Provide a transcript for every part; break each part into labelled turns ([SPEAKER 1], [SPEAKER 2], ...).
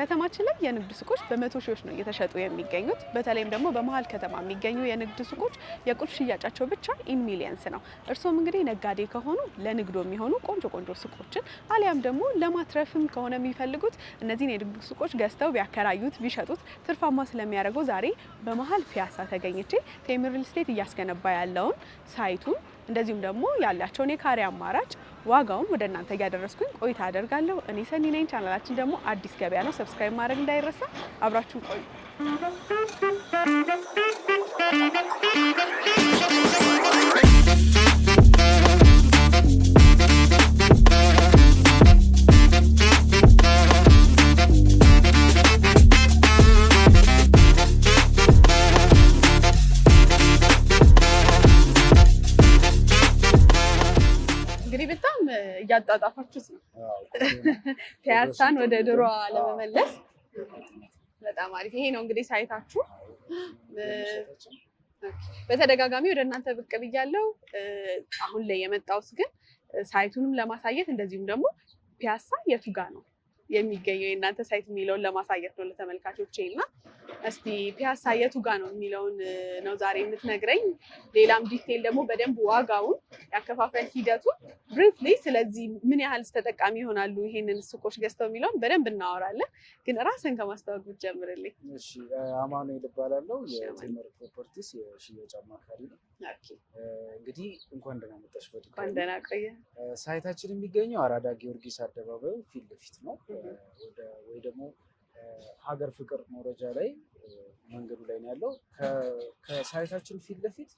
[SPEAKER 1] ከተማችን ላይ የንግድ ሱቆች በመቶ ሺዎች ነው እየተሸጡ የሚገኙት። በተለይም ደግሞ በመሀል ከተማ የሚገኙ የንግድ ሱቆች የቁልፍ ሽያጫቸው ብቻ ኢን ሚሊየንስ ነው። እርስዎም እንግዲህ ነጋዴ ከሆኑ ለንግዶ የሚሆኑ ቆንጆ ቆንጆ ሱቆችን አሊያም ደግሞ ለማትረፍም ከሆነ የሚፈልጉት እነዚህን የንግድ ሱቆች ገዝተው ቢያከራዩት ቢሸጡት ትርፋማ ስለሚያደርገው ዛሬ በመሀል ፒያሳ ተገኝቼ ቴምር ሪል ስቴት እያስገነባ ያለውን ሳይቱን እንደዚሁም ደግሞ ያላቸውን የካሬ አማራጭ ዋጋውን ወደ እናንተ እያደረስኩኝ ቆይታ አደርጋለሁ። እኔ ሰኒ ነኝ። ቻናላችን ደግሞ አዲስ ገበያ ነው። ሰብስክራይብ ማድረግ እንዳይረሳ። አብራችሁን ቆዩ። እያጣጣፋችሁት ነው። ፒያሳን ወደ ድሮ ለመመለስ በጣም አሪፍ። ይሄ ነው እንግዲህ ሳይታችሁ። በተደጋጋሚ ወደ እናንተ ብቅ ብያለው አሁን ላይ የመጣውስ ግን ሳይቱንም ለማሳየት እንደዚሁም ደግሞ ፒያሳ የቱ ጋ ነው የሚገኘው የእናንተ ሳይት የሚለውን ለማሳየት ነው ለተመልካቾች እና እስቲ ፒያሳ የቱ ጋ ነው የሚለውን ነው ዛሬ የምትነግረኝ። ሌላም ዲቴል ደግሞ በደንብ ዋጋውን፣ ያከፋፈል ሂደቱን ብሪፍሊ፣ ስለዚህ ምን ያህል ተጠቃሚ ይሆናሉ ይሄንን ሱቆች ገዝተው የሚለውን በደንብ እናወራለን። ግን ራስን ከማስታወቅ ብትጀምርልኝ።
[SPEAKER 2] አማኑኤል እባላለሁ። የቴምር ፕሮፐርቲስ የሽያጭ አማካሪ ነው። እንግዲህ እንኳን ደህና መጣሽ።
[SPEAKER 1] እንኳን ደህና ቆየ።
[SPEAKER 2] ሳይታችን የሚገኘው አራዳ ጊዮርጊስ አደባባዩ ፊት ለፊት ነው ወይ ደግሞ ሀገር ፍቅር መውረጃ ላይ መንገዱ ላይ ነው ያለው። ከሳይታችን ፊት ለፊት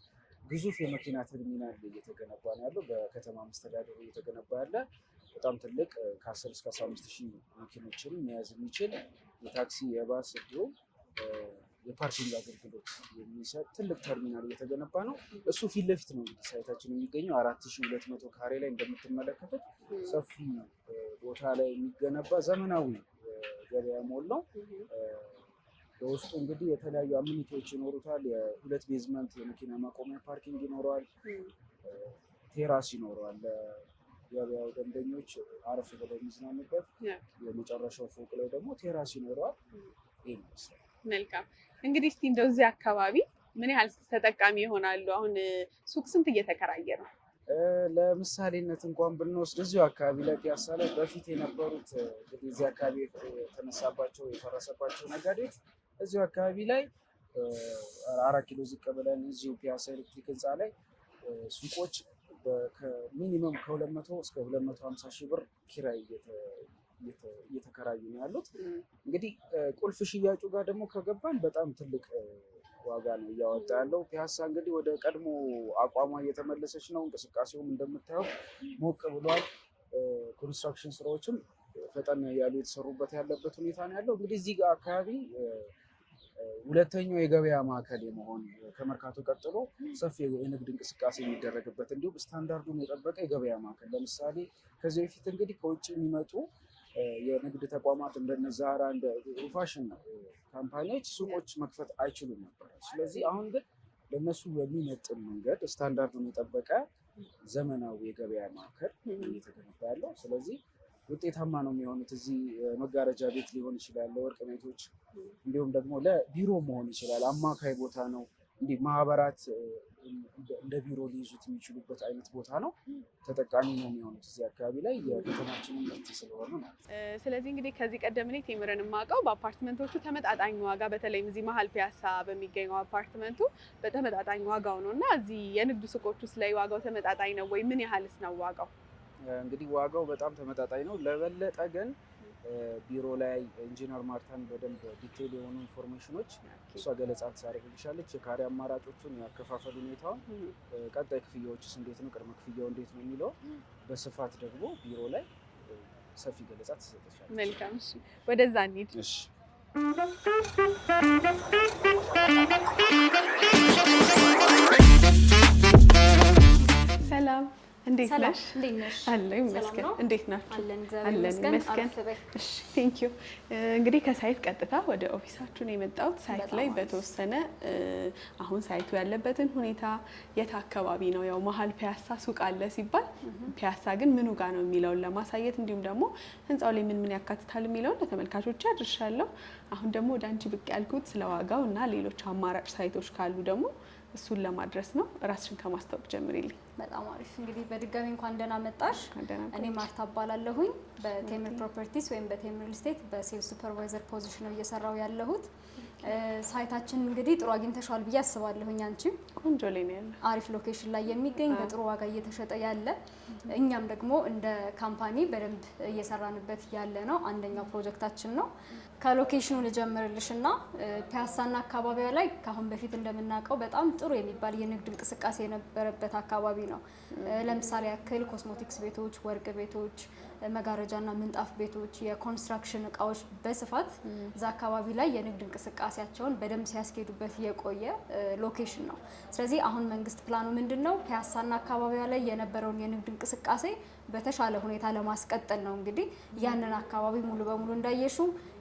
[SPEAKER 2] ግዙፍ የመኪና ተርሚናል እየተገነባ ነው ያለው። በከተማ መስተዳደሩ እየተገነባ ያለ በጣም ትልቅ ከአስር እስከ 15 ሺህ መኪኖችን መያዝ የሚችል የታክሲ የባስ እንዲሁም የፓርኪንግ አገልግሎት የሚሰጥ ትልቅ ተርሚናል እየተገነባ ነው። እሱ ፊት ለፊት ነው እንግዲህ ሳይታችን የሚገኘው አራት ሺህ ሁለት መቶ ካሬ ላይ እንደምትመለከቱት ሰፊ ቦታ ላይ የሚገነባ ዘመናዊ ገበያ ሞል ነው። በውስጡ እንግዲህ የተለያዩ አሚኒቲዎች ይኖሩታል። የሁለት ቤዝመንት የመኪና ማቆሚያ ፓርኪንግ ይኖረዋል። ቴራስ ይኖረዋል። ገበያው ደንበኞች አረፍ ብለው የሚዝናኑበት የመጨረሻው ፎቅ ላይ ደግሞ ቴራስ ይኖረዋል። ይህ ነው።
[SPEAKER 1] መልካም እንግዲህ እስቲ እንደው እዚህ አካባቢ ምን ያህል ተጠቃሚ ይሆናሉ? አሁን ሱቅ ስንት እየተከራየ ነው?
[SPEAKER 2] ለምሳሌነት እንኳን ብንወስድ እዚሁ አካባቢ ላይ ፒያሳ ላይ በፊት የነበሩት እንግዲህ እዚህ አካባቢ የተነሳባቸው የፈረሰባቸው ነጋዴዎች እዚሁ አካባቢ ላይ አራት ኪሎ ዝቅ ብለን እዚሁ ፒያሳ ኤሌክትሪክ ህንፃ ላይ ሱቆች ሚኒመም ከሁለት መቶ እስከ ሁለት መቶ ሀምሳ ሺህ ብር ኪራይ እየተከራዩ ነው ያሉት። እንግዲህ ቁልፍ ሽያጩ ጋር ደግሞ ከገባን በጣም ትልቅ ዋጋ ነው እያወጣ ያለው። ፒያሳ እንግዲህ ወደ ቀድሞ አቋሟ እየተመለሰች ነው። እንቅስቃሴውም እንደምታየው ሞቅ ብሏል። ኮንስትራክሽን ስራዎችም ፈጠን ያሉ የተሰሩበት ያለበት ሁኔታ ነው ያለው። እንግዲህ እዚህ ጋር አካባቢ ሁለተኛው የገበያ ማዕከል የመሆን ከመርካቶ ቀጥሎ ሰፊ የንግድ እንቅስቃሴ የሚደረግበት እንዲሁም ስታንዳርዱን የጠበቀ የገበያ ማዕከል ለምሳሌ ከዚህ በፊት እንግዲህ ከውጭ የሚመጡ የንግድ ተቋማት እንደነ ዛራ እንደ ፋሽን ካምፓኒዎች ሱቆች መክፈት አይችሉም ነበር። ስለዚህ አሁን ግን ለእነሱ በሚመጥን መንገድ ስታንዳርዱን የጠበቀ ዘመናዊ የገበያ ማዕከል እየተገነባ ያለው ስለዚህ ውጤታማ ነው የሚሆኑት። እዚህ መጋረጃ ቤት ሊሆን ይችላል፣ ለወርቅ ቤቶች እንዲሁም ደግሞ ለቢሮ መሆን ይችላል። አማካይ ቦታ ነው። እንዲህ ማህበራት እንደ ቢሮ ሊይዙት የሚችሉበት አይነት ቦታ ነው። ተጠቃሚ ነው የሚሆኑት እዚህ አካባቢ ላይ የከተማችን ምርት ስለሆኑ ማለት
[SPEAKER 1] ነው። ስለዚህ እንግዲህ ከዚህ ቀደም እኔ ቴምርን የማውቀው በአፓርትመንቶቹ ተመጣጣኝ ዋጋ በተለይም እዚህ መሀል ፒያሳ በሚገኘው አፓርትመንቱ በተመጣጣኝ ዋጋው ነው እና እዚህ የንግድ ሱቆች ውስጥ ላይ ዋጋው ተመጣጣኝ ነው ወይ? ምን ያህልስ ነው ዋጋው?
[SPEAKER 2] እንግዲህ ዋጋው በጣም ተመጣጣኝ ነው። ለበለጠ ግን ቢሮ ላይ ኢንጂነር ማርታን በደንብ ዲቴል የሆኑ ኢንፎርሜሽኖች እሷ ገለጻ ትሳደርግልሻለች። የካሬ አማራጮቹን፣ የአከፋፈል ሁኔታውን፣ ቀጣይ ክፍያዎችስ እንዴት ነው፣ ቅድመ ክፍያው እንዴት ነው የሚለው በስፋት ደግሞ ቢሮ ላይ ሰፊ ገለጻ ትሰጠሻለች።
[SPEAKER 1] መልካም፣ ወደዛ እንሂድ። ሰላም እንዴት ነሽ? አለን ይመስገን። እንዴት ናችሁ? አለን ይመስገን። እሺ ቴንክ ዩ። እንግዲህ ከሳይት ቀጥታ ወደ ኦፊሳችሁን የመጣሁት ሳይት ላይ በተወሰነ አሁን ሳይቱ ያለበትን ሁኔታ የት አካባቢ ነው ያው መሀል ፒያሳ ሱቅ አለ ሲባል ፒያሳ ግን ምኑ ጋ ነው የሚለውን ለማሳየት እንዲሁም ደግሞ ህንፃው ላይ ምን ምን ያካትታል የሚለውን ለተመልካቾች አድርሻለሁ። አሁን ደግሞ ወደ አንቺ ብቅ ያልኩት ስለ ዋጋው እና ሌሎች አማራጭ ሳይቶች ካሉ ደግሞ እሱን ለማድረስ ነው። ራስሽን ከማስታወቅ ጀምሪልኝ።
[SPEAKER 3] በጣም አሪፍ እንግዲህ በድጋሚ እንኳን ደህና መጣሽ። እኔ ማርታ እባላለሁኝ በቴምር ፕሮፐርቲስ ወይም በቴምር ሪል ስቴት በሴልስ ሱፐርቫይዘር ፖዚሽን ነው እየሰራው ያለሁት። ሳይታችን እንግዲህ ጥሩ አግኝተሻል ብዬ አስባለሁኝ። አንቺ ቆንጆ ላይ አሪፍ ሎኬሽን ላይ የሚገኝ በጥሩ ዋጋ እየተሸጠ ያለ እኛም ደግሞ እንደ ካምፓኒ በደንብ እየሰራንበት ያለ ነው። አንደኛው ፕሮጀክታችን ነው። ከሎኬሽኑ ልጀምርልሽ እና ፒያሳና አካባቢዋ ላይ ከአሁን በፊት እንደምናውቀው በጣም ጥሩ የሚባል የንግድ እንቅስቃሴ የነበረበት አካባቢ ነው። ለምሳሌ ያክል ኮስሞቲክስ ቤቶች፣ ወርቅ ቤቶች መጋረጃና ምንጣፍ ቤቶች፣ የኮንስትራክሽን እቃዎች በስፋት እዛ አካባቢ ላይ የንግድ እንቅስቃሴያቸውን በደንብ ሲያስኬዱበት የቆየ ሎኬሽን ነው። ስለዚህ አሁን መንግስት ፕላኑ ምንድን ነው? ፒያሳና አካባቢዋ ላይ የነበረውን የንግድ እንቅስቃሴ በተሻለ ሁኔታ ለማስቀጠል ነው። እንግዲህ ያንን አካባቢ ሙሉ በሙሉ እንዳየሹ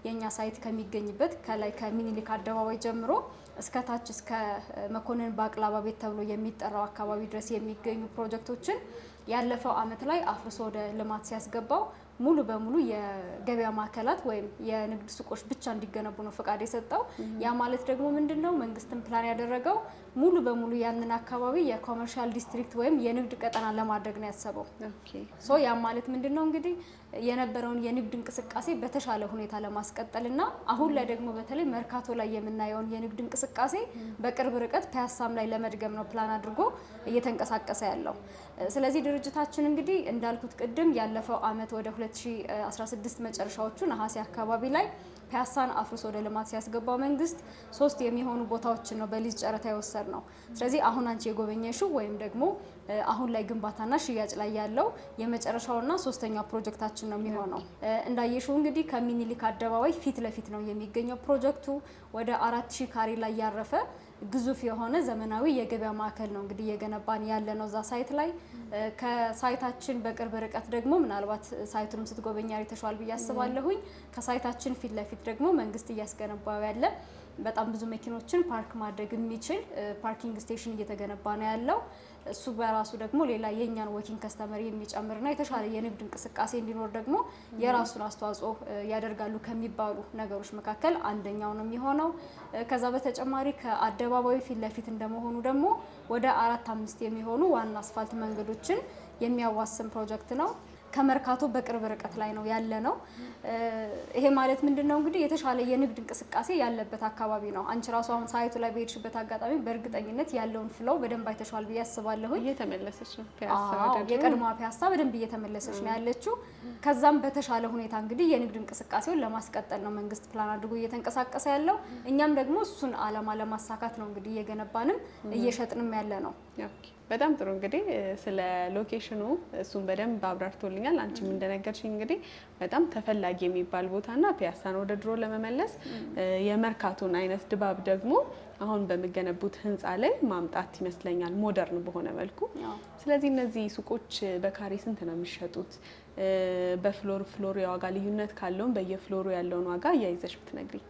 [SPEAKER 3] የእኛ ሳይት ከሚገኝበት ከላይ ከሚኒሊክ አደባባይ ጀምሮ እስከ ታች እስከ መኮንን ባቅላባ ቤት ተብሎ የሚጠራው አካባቢ ድረስ የሚገኙ ፕሮጀክቶችን ያለፈው አመት ላይ አፍርሶ ወደ ልማት ሲያስገባው ሙሉ በሙሉ የገበያ ማዕከላት ወይም የንግድ ሱቆች ብቻ እንዲገነቡ ነው ፈቃድ የሰጠው። ያ ማለት ደግሞ ምንድን ነው? መንግስትም ፕላን ያደረገው ሙሉ በሙሉ ያንን አካባቢ የኮመርሻል ዲስትሪክት ወይም የንግድ ቀጠና ለማድረግ ነው ያሰበው። ሶ ያ ማለት ምንድን ነው እንግዲህ የነበረውን የንግድ እንቅስቃሴ በተሻለ ሁኔታ ለማስቀጠል እና አሁን ላይ ደግሞ በተለይ መርካቶ ላይ የምናየውን የንግድ እንቅስቃሴ በቅርብ ርቀት ፒያሳም ላይ ለመድገም ነው ፕላን አድርጎ እየተንቀሳቀሰ ያለው ስለዚህ ድርጅታችን እንግዲህ እንዳልኩት ቅድም ያለፈው አመት ወደ 2016 መጨረሻዎቹ ነሐሴ አካባቢ ላይ ፒያሳን አፍርሶ ወደ ልማት ሲያስገባው መንግስት ሶስት የሚሆኑ ቦታዎችን ነው በሊዝ ጨረታ የወሰድ ነው። ስለዚህ አሁን አንቺ የጎበኘሽው ወይም ደግሞ አሁን ላይ ግንባታና ሽያጭ ላይ ያለው የመጨረሻውና ሶስተኛው ፕሮጀክታችን ነው የሚሆነው። እንዳየሽው እንግዲህ ከሚኒሊክ አደባባይ ፊት ለፊት ነው የሚገኘው ፕሮጀክቱ ወደ አራት ሺህ ካሬ ላይ ያረፈ ግዙፍ የሆነ ዘመናዊ የገበያ ማዕከል ነው እንግዲህ እየገነባን ያለ ነው እዛ ሳይት ላይ። ከሳይታችን በቅርብ ርቀት ደግሞ ምናልባት ሳይቱንም ስትጎበኛ ተሸዋል ብዬ አስባለሁኝ። ከሳይታችን ፊት ለፊት ደግሞ መንግስት እያስገነባው ያለ በጣም ብዙ መኪኖችን ፓርክ ማድረግ የሚችል ፓርኪንግ ስቴሽን እየተገነባ ነው ያለው። እሱ በራሱ ደግሞ ሌላ የእኛን ወኪንግ ከስተመር የሚጨምርና የተሻለ የንግድ እንቅስቃሴ እንዲኖር ደግሞ የራሱን አስተዋጽኦ ያደርጋሉ ከሚባሉ ነገሮች መካከል አንደኛው ነው የሚሆነው። ከዛ በተጨማሪ ከአደባባዩ ፊት ለፊት እንደመሆኑ ደግሞ ወደ አራት አምስት የሚሆኑ ዋና አስፋልት መንገዶችን የሚያዋስን ፕሮጀክት ነው። ከመርካቶ በቅርብ ርቀት ላይ ነው ያለ ነው። ይሄ ማለት ምንድን ነው እንግዲህ የተሻለ የንግድ እንቅስቃሴ ያለበት አካባቢ ነው። አንቺ ራሱ አሁን ሳይቱ ላይ በሄድሽበት አጋጣሚ በእርግጠኝነት ያለውን ፍለው በደንብ አይተሻል ብዬ አስባለሁ።
[SPEAKER 1] እየተመለሰች ነው
[SPEAKER 3] የቀድሞ ፒያሳ በደንብ እየተመለሰች ነው ያለችው። ከዛም በተሻለ ሁኔታ እንግዲህ የንግድ እንቅስቃሴውን ለማስቀጠል ነው መንግስት ፕላን አድርጎ እየተንቀሳቀሰ ያለው። እኛም ደግሞ እሱን አላማ ለማሳካት ነው እንግዲህ እየገነባንም እየሸጥንም ያለ ነው።
[SPEAKER 1] በጣም ጥሩ እንግዲህ ስለ ሎኬሽኑ እሱን በደንብ አብራርቶልኛል። አንቺም እንደነገርሽኝ እንግዲህ በጣም ተፈላጊ የሚባል ቦታና ፒያሳን ወደ ድሮ ለመመለስ የመርካቶን አይነት ድባብ ደግሞ አሁን በሚገነቡት ህንፃ ላይ ማምጣት ይመስለኛል ሞደርን በሆነ መልኩ። ስለዚህ እነዚህ ሱቆች በካሬ ስንት ነው የሚሸጡት? በፍሎር ፍሎር የዋጋ ልዩነት ካለውም በየፍሎሩ ያለውን ዋጋ እያይዘሽ ብትነግሪኝ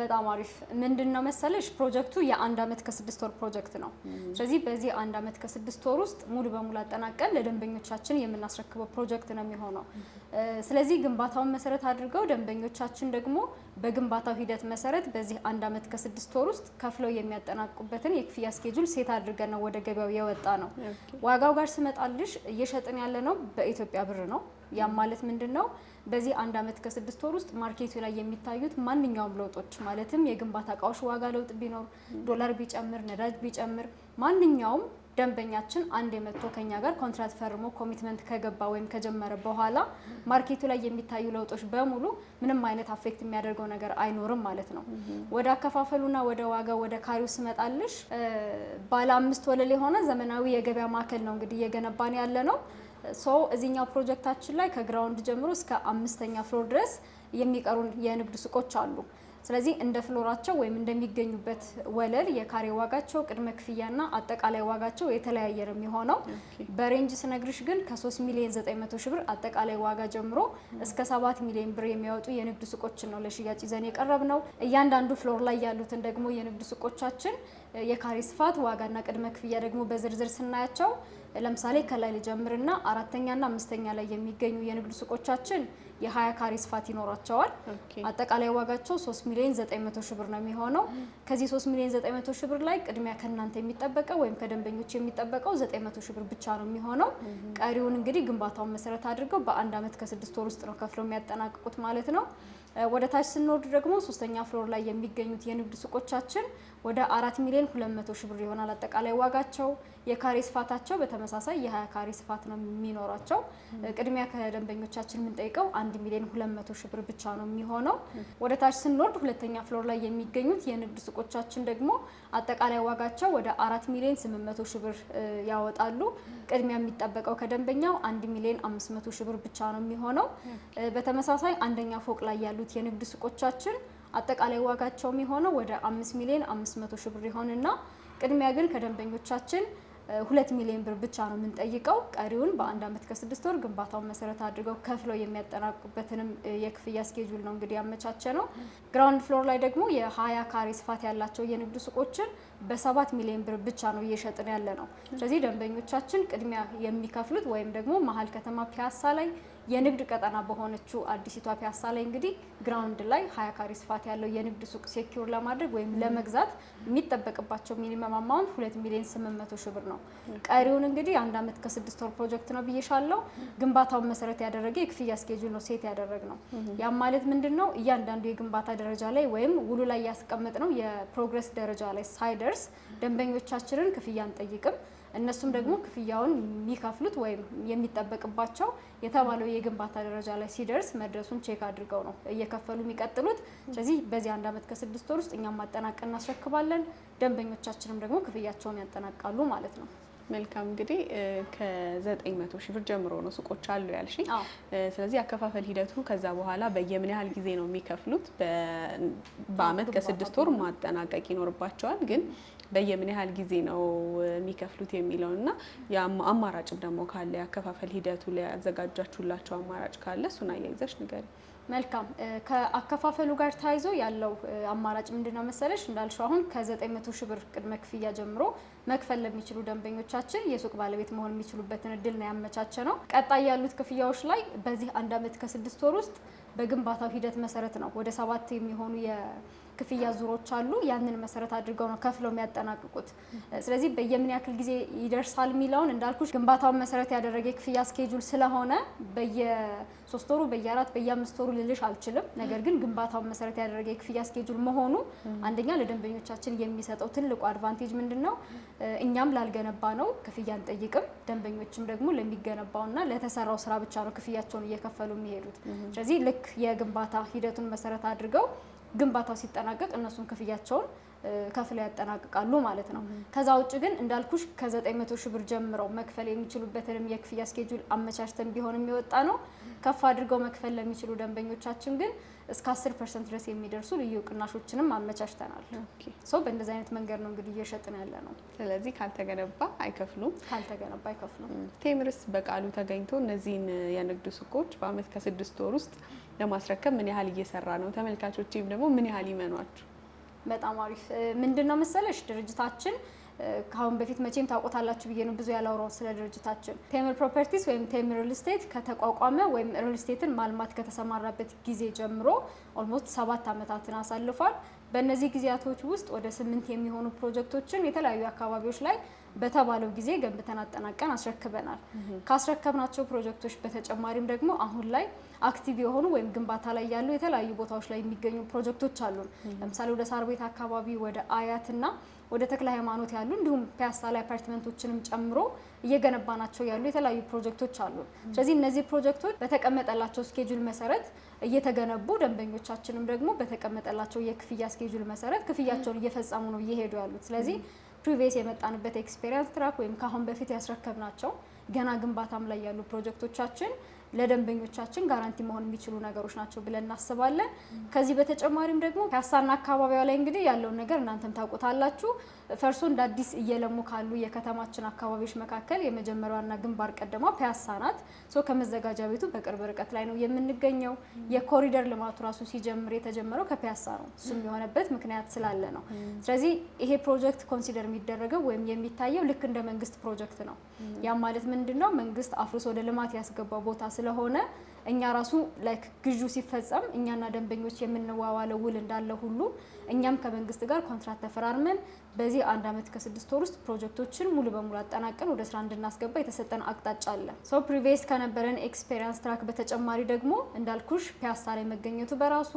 [SPEAKER 3] በጣም አሪፍ ምንድን ነው መሰለሽ፣ ፕሮጀክቱ የአንድ አመት ከስድስት ወር ፕሮጀክት ነው። ስለዚህ በዚህ አንድ አመት ከስድስት ወር ውስጥ ሙሉ በሙሉ አጠናቀን ለደንበኞቻችን የምናስረክበው ፕሮጀክት ነው የሚሆነው። ስለዚህ ግንባታውን መሰረት አድርገው ደንበኞቻችን ደግሞ በግንባታው ሂደት መሰረት በዚህ አንድ አመት ከስድስት ወር ውስጥ ከፍለው የሚያጠናቁበትን የክፍያ ስኬጁል ሴት አድርገን ነው ወደ ገበያው የወጣ ነው። ዋጋው ጋር ስመጣልሽ እየሸጥን ያለ ነው በኢትዮጵያ ብር ነው ያም ማለት ምንድን ነው? በዚህ አንድ ዓመት ከስድስት ወር ውስጥ ማርኬቱ ላይ የሚታዩት ማንኛውም ለውጦች ማለትም የግንባታ እቃዎች ዋጋ ለውጥ ቢኖር፣ ዶላር ቢጨምር፣ ነዳጅ ቢጨምር፣ ማንኛውም ደንበኛችን አንድ የመጥቶ ከኛ ጋር ኮንትራት ፈርሞ ኮሚትመንት ከገባ ወይም ከጀመረ በኋላ ማርኬቱ ላይ የሚታዩ ለውጦች በሙሉ ምንም አይነት አፌክት የሚያደርገው ነገር አይኖርም ማለት ነው። ወደ አከፋፈሉና ወደ ዋጋው ወደ ካሪው ስመጣልሽ ባለ አምስት ወለል የሆነ ዘመናዊ የገበያ ማዕከል ነው እንግዲህ እየገነባን ያለ ነው። ሶ እዚህኛው ፕሮጀክታችን ላይ ከግራውንድ ጀምሮ እስከ አምስተኛ ፍሎር ድረስ የሚቀሩን የንግድ ሱቆች አሉ። ስለዚህ እንደ ፍሎራቸው ወይም እንደሚገኙበት ወለል የካሬ ዋጋቸው ቅድመ ክፍያና አጠቃላይ ዋጋቸው የተለያየ ነው የሚሆነው። በሬንጅ ስነግርሽ ግን ከ3 ሚሊዮን 900 ሺህ ብር አጠቃላይ ዋጋ ጀምሮ እስከ 7 ሚሊዮን ብር የሚያወጡ የንግድ ሱቆችን ነው ለሽያጭ ይዘን የቀረብ ነው። እያንዳንዱ ፍሎር ላይ ያሉትን ደግሞ የንግድ ሱቆቻችን የካሬ ስፋት ዋጋና ቅድመ ክፍያ ደግሞ በዝርዝር ስናያቸው ለምሳሌ ከላይ ልጀምርና አራተኛና አምስተኛ ላይ የሚገኙ የንግድ ሱቆቻችን የ20 ካሬ ስፋት ይኖራቸዋል። አጠቃላይ ዋጋቸው 3 ሚሊዮን 900 ሺህ ብር ነው የሚሆነው። ከዚህ 3 ሚሊዮን 900 ሺህ ብር ላይ ቅድሚያ ከእናንተ የሚጠበቀው ወይም ከደንበኞች የሚጠበቀው 900 ሺህ ብር ብቻ ነው የሚሆነው። ቀሪውን እንግዲህ ግንባታውን መሰረት አድርገው በአንድ አመት ከስድስት ወር ውስጥ ነው ከፍለው የሚያጠናቅቁት ማለት ነው። ወደ ታች ስንወርድ ደግሞ ሶስተኛ ፍሎር ላይ የሚገኙት የንግድ ሱቆቻችን ወደ አራት ሚሊዮን ሁለት መቶ ሺህ ብር ይሆናል አጠቃላይ ዋጋቸው። የካሬ ስፋታቸው በተመሳሳይ የሀያ ካሬ ስፋት ነው የሚኖራቸው። ቅድሚያ ከደንበኞቻችን የምንጠይቀው አንድ ሚሊዮን ሁለት መቶ ሺህ ብር ብቻ ነው የሚሆነው። ወደ ታች ስንወርድ ሁለተኛ ፍሎር ላይ የሚገኙት የንግድ ሱቆቻችን ደግሞ አጠቃላይ ዋጋቸው ወደ አራት ሚሊዮን ስምንት መቶ ሺህ ብር ያወጣሉ። ቅድሚያ የሚጠበቀው ከደንበኛው አንድ ሚሊዮን አምስት መቶ ሺህ ብር ብቻ ነው የሚሆነው። በተመሳሳይ አንደኛ ፎቅ ላይ ያሉት የንግድ ሱቆቻችን አጠቃላይ ዋጋቸው የሚሆነው ወደ አምስት ሚሊዮን አምስት መቶ ሺህ ብር ይሆንና ቅድሚያ ግን ከደንበኞቻችን ሁለት ሚሊዮን ብር ብቻ ነው የምንጠይቀው። ቀሪውን በአንድ አመት ከስድስት ወር ግንባታውን መሰረት አድርገው ከፍለው የሚያጠናቁበትንም የክፍያ ስኬጁል ነው እንግዲህ ያመቻቸ ነው። ግራውንድ ፍሎር ላይ ደግሞ የሀያ ካሬ ስፋት ያላቸው የንግድ ሱቆችን በሰባት ሚሊዮን ብር ብቻ ነው እየሸጥን ያለ ነው። ስለዚህ ደንበኞቻችን ቅድሚያ የሚከፍሉት ወይም ደግሞ መሀል ከተማ ፒያሳ ላይ የንግድ ቀጠና በሆነችው አዲሲቷ ፒያሳ ላይ እንግዲህ ግራውንድ ላይ ሀያ ካሬ ስፋት ያለው የንግድ ሱቅ ሴኪር ለማድረግ ወይም ለመግዛት የሚጠበቅባቸው ሚኒመም አማውንት ሁለት ሚሊዮን ስምንት መቶ ሺህ ብር ነው። ቀሪውን እንግዲህ አንድ አመት ከስድስት ወር ፕሮጀክት ነው ብዬሻለው። ግንባታውን መሰረት ያደረገ የክፍያ ስኬጁል ነው ሴት ያደረግ ነው። ያም ማለት ምንድን ነው እያንዳንዱ የግንባታ ደረጃ ላይ ወይም ውሉ ላይ ያስቀመጥ ነው የፕሮግረስ ደረጃ ላይ ሳይደርስ ደንበኞቻችንን ክፍያ አንጠይቅም። እነሱም ደግሞ ክፍያውን የሚከፍሉት ወይም የሚጠበቅባቸው የተባለው የግንባታ ደረጃ ላይ ሲደርስ መድረሱን ቼክ አድርገው ነው እየከፈሉ የሚቀጥሉት። ስለዚህ በዚህ አንድ አመት ከስድስት ወር ውስጥ እኛም ማጠናቀቅ እናስረክባለን፣ ደንበኞቻችንም ደግሞ ክፍያቸውን ያጠናቃሉ ማለት ነው።
[SPEAKER 1] መልካም እንግዲህ ከዘጠኝ መቶ ሺህ ብር ጀምሮ ነው ሱቆች አሉ ያልሽ። ስለዚህ አከፋፈል ሂደቱ ከዛ በኋላ በየምን ያህል ጊዜ ነው የሚከፍሉት? በአመት ከስድስት ወር ማጠናቀቅ ይኖርባቸዋል። ግን በየምን ያህል ጊዜ ነው የሚከፍሉት የሚለው እና አማራጭም ደግሞ ካለ ያከፋፈል ሂደቱ ላይ ያዘጋጃችሁላቸው አማራጭ ካለ እሱን አያይዘሽ ንገሪ።
[SPEAKER 3] መልካም ከአከፋፈሉ ጋር ተያይዞ ያለው አማራጭ ምንድን ነው መሰለሽ? እንዳልሽው አሁን ከ900 ሺህ ብር ቅድመ ክፍያ ጀምሮ መክፈል ለሚችሉ ደንበኞቻችን የሱቅ ባለቤት መሆን የሚችሉበትን እድል ነው ያመቻቸ ነው። ቀጣይ ያሉት ክፍያዎች ላይ በዚህ አንድ አመት ከስድስት ወር ውስጥ በግንባታው ሂደት መሰረት ነው ወደ ሰባት የሚሆኑ ክፍያ ዙሮች አሉ። ያንን መሰረት አድርገው ነው ከፍለው የሚያጠናቅቁት። ስለዚህ በየምን ያክል ጊዜ ይደርሳል የሚለውን እንዳልኩሽ ግንባታውን መሰረት ያደረገ የክፍያ ስኬጁል ስለሆነ በየሶስት ወሩ፣ በየአራት፣ በየአምስት ወሩ ልልሽ አልችልም። ነገር ግን ግንባታውን መሰረት ያደረገ የክፍያ ስኬጁል መሆኑ አንደኛ ለደንበኞቻችን የሚሰጠው ትልቁ አድቫንቴጅ ምንድን ነው? እኛም ላልገነባ ነው ክፍያ አንጠይቅም። ደንበኞችም ደግሞ ለሚገነባውና ለተሰራው ስራ ብቻ ነው ክፍያቸውን እየከፈሉ የሚሄዱት። ስለዚህ ልክ የግንባታ ሂደቱን መሰረት አድርገው ግንባታው ሲጠናቀቅ እነሱም ክፍያቸውን ከፍለው ያጠናቅቃሉ ማለት ነው። ከዛ ውጭ ግን እንዳልኩሽ ከ900 ሺህ ብር ጀምረው መክፈል የሚችሉበትንም የክፍያ ስኬጁል አመቻችተን ቢሆን የሚወጣ ነው። ከፍ አድርገው መክፈል ለሚችሉ ደንበኞቻችን ግን እስከ 10 ፐርሰንት ድረስ የሚደርሱ ልዩ ቅናሾችንም አመቻችተናል። በእንደዚህ አይነት መንገድ ነው እንግዲህ እየሸጥን ያለ ነው።
[SPEAKER 1] ስለዚህ ካልተገነባ አይከፍሉም፣
[SPEAKER 3] ካልተገነባ አይከፍሉም።
[SPEAKER 1] ቴምርስ በቃሉ ተገኝቶ እነዚህን የንግድ ሱቆች በአመት ከስድስት ወር ውስጥ ለማስረከብ ምን ያህል እየሰራ ነው? ተመልካቾችም ደግሞ ምን ያህል ይመኗችሁ?
[SPEAKER 3] በጣም አሪፍ ምንድን ነው መሰለሽ ድርጅታችን ከአሁን በፊት መቼም ታውቆታላችሁ ብዬ ነው ብዙ ያላውራው ስለ ድርጅታችን። ቴምር ፕሮፐርቲስ ወይም ቴምር ሪል ስቴት ከተቋቋመ ወይም ሪል ስቴትን ማልማት ከተሰማራበት ጊዜ ጀምሮ ኦልሞስት ሰባት ዓመታትን አሳልፏል። በእነዚህ ጊዜያቶች ውስጥ ወደ ስምንት የሚሆኑ ፕሮጀክቶችን የተለያዩ አካባቢዎች ላይ በተባለው ጊዜ ገንብተን አጠናቀን አስረክበናል። ካስረከብናቸው ፕሮጀክቶች በተጨማሪም ደግሞ አሁን ላይ አክቲቭ የሆኑ ወይም ግንባታ ላይ ያሉ የተለያዩ ቦታዎች ላይ የሚገኙ ፕሮጀክቶች አሉን። ለምሳሌ ወደ ሳር ቤት አካባቢ ወደ አያትና ወደ ተክለ ሃይማኖት ያሉ እንዲሁም ፒያሳ ላይ አፓርትመንቶችንም ጨምሮ እየገነባናቸው ያሉ የተለያዩ ፕሮጀክቶች አሉ። ስለዚህ እነዚህ ፕሮጀክቶች በተቀመጠላቸው ስኬጁል መሰረት እየተገነቡ ደንበኞቻችንም ደግሞ በተቀመጠላቸው የክፍያ ስኬጁል መሰረት ክፍያቸውን እየፈጸሙ ነው እየሄዱ ያሉት። ስለዚህ ፕሪቪየስ የመጣንበት ኤክስፔሪንስ ትራክ ወይም ከአሁን በፊት ያስረከብናቸው ገና ግንባታም ላይ ያሉ ፕሮጀክቶቻችን ለደንበኞቻችን ጋራንቲ መሆን የሚችሉ ነገሮች ናቸው ብለን እናስባለን። ከዚህ በተጨማሪም ደግሞ ፒያሳና አካባቢዋ ላይ እንግዲህ ያለውን ነገር እናንተም ታውቁታላችሁ። ፈርሶ እንደ አዲስ እየለሙ ካሉ የከተማችን አካባቢዎች መካከል የመጀመሪያዋና ግንባር ቀደማ ፒያሳ ናት። ከመዘጋጃ ቤቱ በቅርብ ርቀት ላይ ነው የምንገኘው። የኮሪደር ልማቱ ራሱ ሲጀምር የተጀመረው ከፒያሳ ነው። እሱም የሆነበት ምክንያት ስላለ ነው። ስለዚህ ይሄ ፕሮጀክት ኮንሲደር የሚደረገው ወይም የሚታየው ልክ እንደ መንግስት ፕሮጀክት ነው። ያ ማለት ምንድን ነው? መንግስት አፍርሶ ወደ ልማት ያስገባ ቦታ ስለሆነ እኛ ራሱ ላይክ ግዢው ሲፈጸም እኛና ደንበኞች የምንዋዋለው ውል እንዳለ ሁሉ እኛም ከመንግስት ጋር ኮንትራት ተፈራርመን በዚህ አንድ አመት ከስድስት ወር ውስጥ ፕሮጀክቶችን ሙሉ በሙሉ አጠናቀን ወደ ስራ እንድናስገባ የተሰጠን አቅጣጫ አለ። ሶ ፕሪቬስ ከነበረን ኤክስፔሪንስ ትራክ በተጨማሪ ደግሞ እንዳልኩሽ ፒያሳ ላይ መገኘቱ በራሱ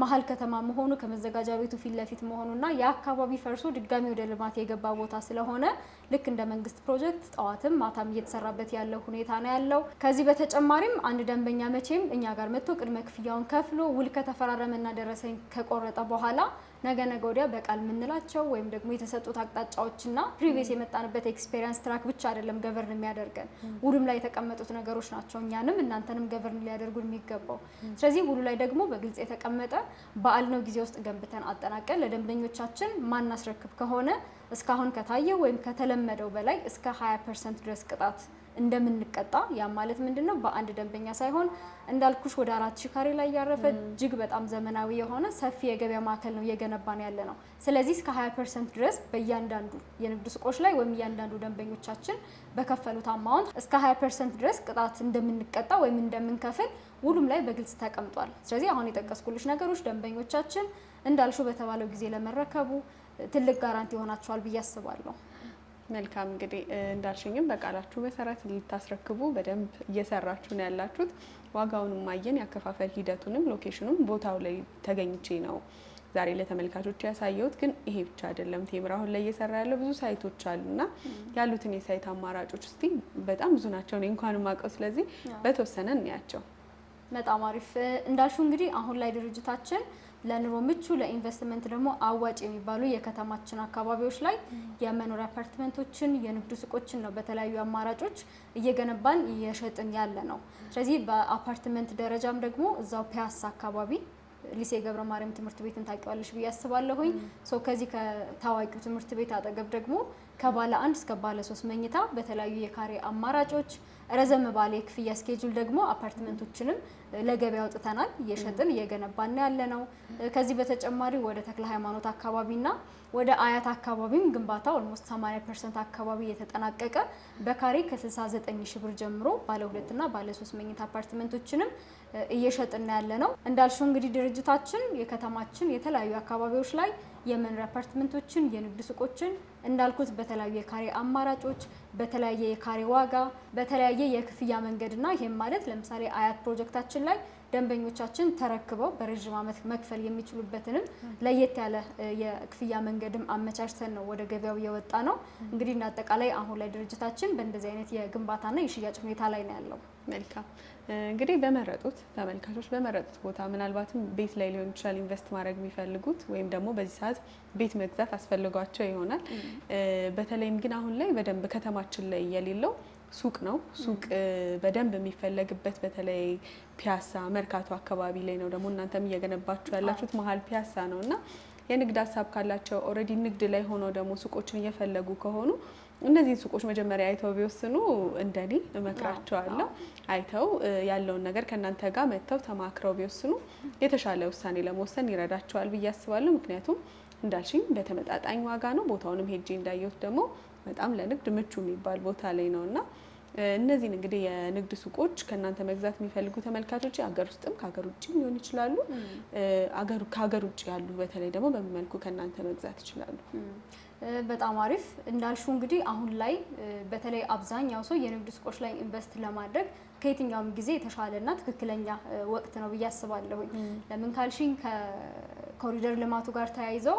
[SPEAKER 3] መሀል ከተማ መሆኑ ከመዘጋጃ ቤቱ ፊት ለፊት መሆኑና የአካባቢ ፈርሶ ድጋሚ ወደ ልማት የገባ ቦታ ስለሆነ ልክ እንደ መንግስት ፕሮጀክት ጠዋትም ማታም እየተሰራበት ያለው ሁኔታ ነው ያለው። ከዚህ በተጨማሪም አንድ ደንበኛ መቼም እኛ ጋር መጥቶ ቅድመ ክፍያውን ከፍሎ ውል ከተፈራረመና ደረሰኝ ከቆረጠ በኋላ ነገ ነገ ወዲያ በቃል የምንላቸው ወይም ደግሞ የተሰጡት አቅጣጫዎችና ፕሪቪየስ የመጣንበት ኤክስፔሪንስ ትራክ ብቻ አይደለም ገቨርን የሚያደርገን ውሉም ላይ የተቀመጡት ነገሮች ናቸው እኛንም እናንተንም ገቨርን ሊያደርጉን የሚገባው። ስለዚህ ውሉ ላይ ደግሞ በግልጽ የተቀመጠ ነው። ጊዜ ውስጥ ገንብተን አጠናቀን ለደንበኞቻችን ማናስረክብ ከሆነ እስካሁን ከታየው ወይም ከተለመደው በላይ እስከ 20 ፐርሰንት ድረስ ቅጣት እንደምንቀጣ ያ ማለት ምንድን ነው? በአንድ ደንበኛ ሳይሆን እንዳልኩሽ ወደ አራት ሺህ ካሬ ላይ ያረፈ እጅግ በጣም ዘመናዊ የሆነ ሰፊ የገበያ ማዕከል ነው እየገነባ ያለ ነው። ስለዚህ እስከ 20 ፐርሰንት ድረስ በእያንዳንዱ የንግድ ሱቆች ላይ ወይም እያንዳንዱ ደንበኞቻችን በከፈሉት አማውንት እስከ 20 ፐርሰንት ድረስ ቅጣት እንደምንቀጣ ወይም እንደምንከፍል ውሉም ላይ በግልጽ ተቀምጧል። ስለዚህ አሁን የጠቀስኩልሽ ነገሮች ደንበኞቻችን እንዳልሹ በተባለው ጊዜ ለመረከቡ ትልቅ ጋራንቲ ይሆናቸዋል ብዬ አስባለሁ።
[SPEAKER 1] መልካም እንግዲህ እንዳልሽኝም በቃላችሁ መሰረት ልታስረክቡ በደንብ እየሰራችሁ ነው ያላችሁት። ዋጋውንም አየን፣ ያከፋፈል ሂደቱንም፣ ሎኬሽኑም ቦታው ላይ ተገኝቼ ነው ዛሬ ለተመልካቾች ያሳየሁት። ግን ይሄ ብቻ አይደለም፣ ቴምር አሁን ላይ እየሰራ ያለው ብዙ ሳይቶች አሉና ያሉትን የሳይት አማራጮች እስቲ በጣም ብዙ ናቸው፣ እኔ እንኳን ማቀው። ስለዚህ በተወሰነ እንያቸው።
[SPEAKER 3] በጣም አሪፍ እንዳልሹ እንግዲህ አሁን ላይ ድርጅታችን ለኑሮ ምቹ ለኢንቨስትመንት ደግሞ አዋጭ የሚባሉ የከተማችን አካባቢዎች ላይ የመኖሪያ አፓርትመንቶችን፣ የንግዱ ሱቆችን ነው በተለያዩ አማራጮች እየገነባን እየሸጥን ያለ ነው። ስለዚህ በአፓርትመንት ደረጃም ደግሞ እዛው ፒያሳ አካባቢ ሊሴ ገብረ ማርያም ትምህርት ቤትን ታውቂዋለሽ ብዬ አስባለሁኝ። ከዚህ ከታዋቂው ትምህርት ቤት አጠገብ ደግሞ ከባለ አንድ እስከ ባለ ሶስት መኝታ በተለያዩ የካሬ አማራጮች ረዘም ባለ የክፍያ ስኬጁል ደግሞ አፓርትመንቶችንም ለገበያ አውጥተናል እየሸጥን እየገነባን ያለ ነው። ከዚህ በተጨማሪ ወደ ተክለ ሃይማኖት አካባቢና ወደ አያት አካባቢም ግንባታ ኦልሞስት 80 ፐርሰንት አካባቢ የተጠናቀቀ በካሬ ከ69 ሺ ብር ጀምሮ ባለ ሁለትና ባለ ሶስት መኝታ አፓርትመንቶችንም እየሸጥና ያለ ነው። እንዳልሽው እንግዲህ ድርጅታችን የከተማችን የተለያዩ አካባቢዎች ላይ የመኖሪያ አፓርትመንቶችን፣ የንግድ ሱቆችን እንዳልኩት በተለያዩ የካሬ አማራጮች፣ በተለያየ የካሬ ዋጋ፣ በተለያየ የክፍያ መንገድና ይህም ማለት ለምሳሌ አያት ፕሮጀክታችን ላይ ደንበኞቻችን ተረክበው በረዥም ዓመት መክፈል የሚችሉበትንም ለየት ያለ የክፍያ መንገድም አመቻችተን ነው ወደ ገበያው የወጣ ነው። እንግዲህ አጠቃላይ አሁን ላይ ድርጅታችን በእንደዚህ አይነት የግንባታና የሽያጭ ሁኔታ ላይ ነው ያለው።
[SPEAKER 1] መልካም እንግዲህ በመረጡት ተመልካቾች በመረጡት ቦታ ምናልባትም ቤት ላይ ሊሆን ይችላል ኢንቨስት ማድረግ የሚፈልጉት ወይም ደግሞ በዚህ ሰዓት ቤት መግዛት አስፈልጓቸው ይሆናል። በተለይም ግን አሁን ላይ በደንብ ከተማችን ላይ የሌለው ሱቅ ነው። ሱቅ በደንብ የሚፈለግበት በተለይ ፒያሳ፣ መርካቶ አካባቢ ላይ ነው። ደግሞ እናንተም እየገነባችሁ ያላችሁት መሀል ፒያሳ ነው እና የንግድ ሀሳብ ካላቸው ኦልሬዲ ንግድ ላይ ሆነው ደግሞ ሱቆችን እየፈለጉ ከሆኑ እነዚህን ሱቆች መጀመሪያ አይተው ቢወስኑ እንደኔ እመክራቸዋለሁ። አይተው ያለውን ነገር ከእናንተ ጋር መጥተው ተማክረው ቢወስኑ የተሻለ ውሳኔ ለመወሰን ይረዳቸዋል ብዬ አስባለሁ። ምክንያቱም እንዳልሽኝ በተመጣጣኝ ዋጋ ነው። ቦታውንም ሄጄ እንዳየሁት ደግሞ በጣም ለንግድ ምቹ የሚባል ቦታ ላይ ነው እና እነዚህን እንግዲህ የንግድ ሱቆች ከእናንተ መግዛት የሚፈልጉ ተመልካቾች አገር ውስጥም ከሀገር ውጭ ሊሆን ይችላሉ። ከሀገር ውጭ ያሉ በተለይ ደግሞ በሚመልኩ ከእናንተ መግዛት ይችላሉ?
[SPEAKER 3] በጣም አሪፍ እንዳልሹ እንግዲህ አሁን ላይ በተለይ አብዛኛው ሰው የንግድ ሱቆች ላይ ኢንቨስት ለማድረግ ከየትኛውም ጊዜ የተሻለና ትክክለኛ ወቅት ነው ብዬ አስባለሁኝ። ለምን ካልሽኝ ከኮሪደር ልማቱ ጋር ተያይዘው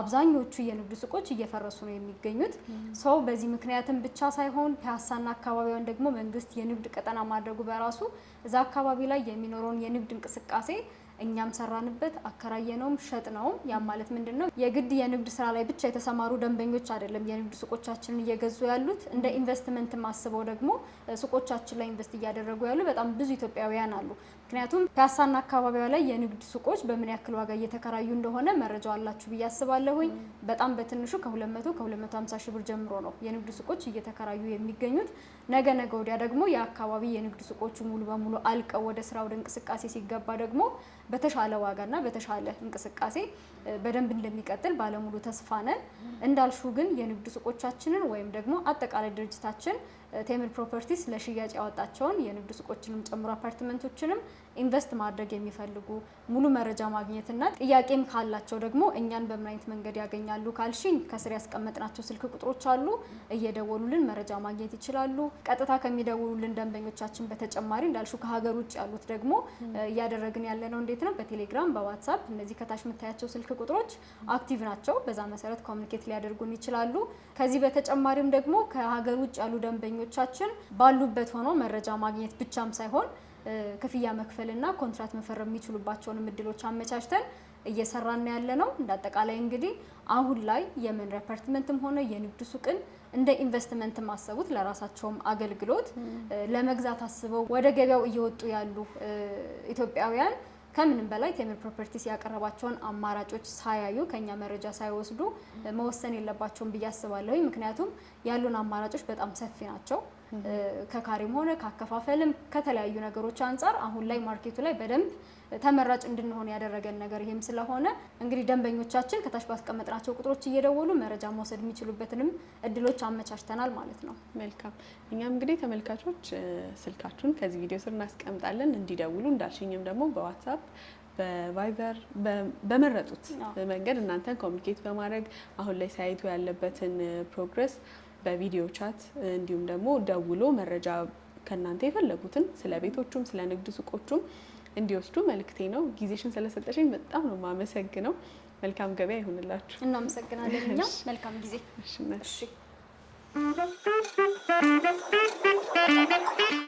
[SPEAKER 3] አብዛኞቹ የንግድ ሱቆች እየፈረሱ ነው የሚገኙት። ሰው በዚህ ምክንያትም ብቻ ሳይሆን ፒያሳና አካባቢውን ደግሞ መንግስት የንግድ ቀጠና ማድረጉ በራሱ እዛ አካባቢ ላይ የሚኖረውን የንግድ እንቅስቃሴ እኛም ሰራንበት፣ አከራየነውም፣ ነውም። ያም ማለት ምንድን ነው? የግድ የንግድ ስራ ላይ ብቻ የተሰማሩ ደንበኞች አይደለም የንግድ ሱቆቻችንን እየገዙ ያሉት። እንደ ኢንቨስትመንት ማስበው ደግሞ ሱቆቻችን ላይ ኢንቨስት እያደረጉ ያሉ በጣም ብዙ ኢትዮጵያውያን አሉ። ምክንያቱም ፒያሳና አካባቢዋ ላይ የንግድ ሱቆች በምን ያክል ዋጋ እየተከራዩ እንደሆነ መረጃው አላችሁ ብዬ አስባለሁኝ። በጣም በትንሹ ከ200 ከ250 ሺህ ብር ጀምሮ ነው የንግድ ሱቆች እየተከራዩ የሚገኙት። ነገ ነገ ወዲያ ደግሞ የአካባቢ የንግድ ሱቆቹ ሙሉ በሙሉ አልቀው ወደ ስራ ወደ እንቅስቃሴ ሲገባ ደግሞ በተሻለ ዋጋና በተሻለ እንቅስቃሴ በደንብ እንደሚቀጥል ባለሙሉ ተስፋ ነን። እንዳልሹ ግን የንግድ ሱቆቻችንን ወይም ደግሞ አጠቃላይ ድርጅታችን ቴምር ፕሮፐርቲስ ለሽያጭ ያወጣቸውን የንግድ ሱቆችንም ጨምሮ አፓርትመንቶችንም ኢንቨስት ማድረግ የሚፈልጉ ሙሉ መረጃ ማግኘትና ጥያቄም ካላቸው ደግሞ እኛን በምን አይነት መንገድ ያገኛሉ ካልሽኝ ከስር ያስቀመጥናቸው ስልክ ቁጥሮች አሉ። እየደወሉልን መረጃ ማግኘት ይችላሉ። ቀጥታ ከሚደውሉልን ደንበኞቻችን በተጨማሪ እንዳልሹ ከሀገር ውጭ ያሉት ደግሞ እያደረግን ያለ ነው። እንዴት ነው? በቴሌግራም በዋትሳፕ እነዚህ ከታች የምታያቸው ስልክ ቁጥሮች አክቲቭ ናቸው። በዛ መሰረት ኮሚኒኬት ሊያደርጉን ይችላሉ። ከዚህ በተጨማሪም ደግሞ ከሀገር ውጭ ያሉ ደንበኞ ደንበኞቻችን ባሉበት ሆኖ መረጃ ማግኘት ብቻም ሳይሆን ክፍያ መክፈልና ኮንትራት መፈረም የሚችሉባቸውንም እድሎች አመቻችተን እየሰራን ያለ ነው። እንደ አጠቃላይ እንግዲህ አሁን ላይ የመኖሪያ አፓርትመንትም ሆነ የንግድ ሱቅን እንደ ኢንቨስትመንት ማሰቡት ለራሳቸውም አገልግሎት ለመግዛት አስበው ወደ ገበያው እየወጡ ያሉ ኢትዮጵያውያን ከምንም በላይ ቴምር ፕሮፐርቲስ ያቀረባቸውን አማራጮች ሳያዩ ከኛ መረጃ ሳይወስዱ መወሰን የለባቸውም ብዬ አስባለሁ። ምክንያቱም ያሉን አማራጮች በጣም ሰፊ ናቸው። ከካሬም ሆነ ከአከፋፈልም ከተለያዩ ነገሮች አንጻር አሁን ላይ ማርኬቱ ላይ በደንብ ተመራጭ እንድንሆን ያደረገን ነገር ይህም ስለሆነ እንግዲህ ደንበኞቻችን ከታች ባስቀመጥናቸው ቁጥሮች እየደወሉ መረጃ መውሰድ የሚችሉበትንም እድሎች አመቻችተናል ማለት ነው።
[SPEAKER 1] መልካም። እኛም እንግዲህ ተመልካቾች ስልካችሁን ከዚህ ቪዲዮ ስር እናስቀምጣለን እንዲደውሉ እንዳልሽኝም ደግሞ በዋትሳፕ በቫይበር በመረጡት መንገድ እናንተን ኮሚኒኬት በማድረግ አሁን ላይ ሳይቱ ያለበትን ፕሮግረስ በቪዲዮ ቻት እንዲሁም ደግሞ ደውሎ መረጃ ከእናንተ የፈለጉትን ስለ ቤቶቹም ስለ ንግድ ሱቆቹም እንዲወስዱ መልክቴ ነው። ጊዜሽን ስለሰጠሽኝ በጣም ነው የማመሰግነው። መልካም ገበያ ይሁንላችሁ።
[SPEAKER 3] እናመሰግናለን። እኛም መልካም ጊዜ። እሺ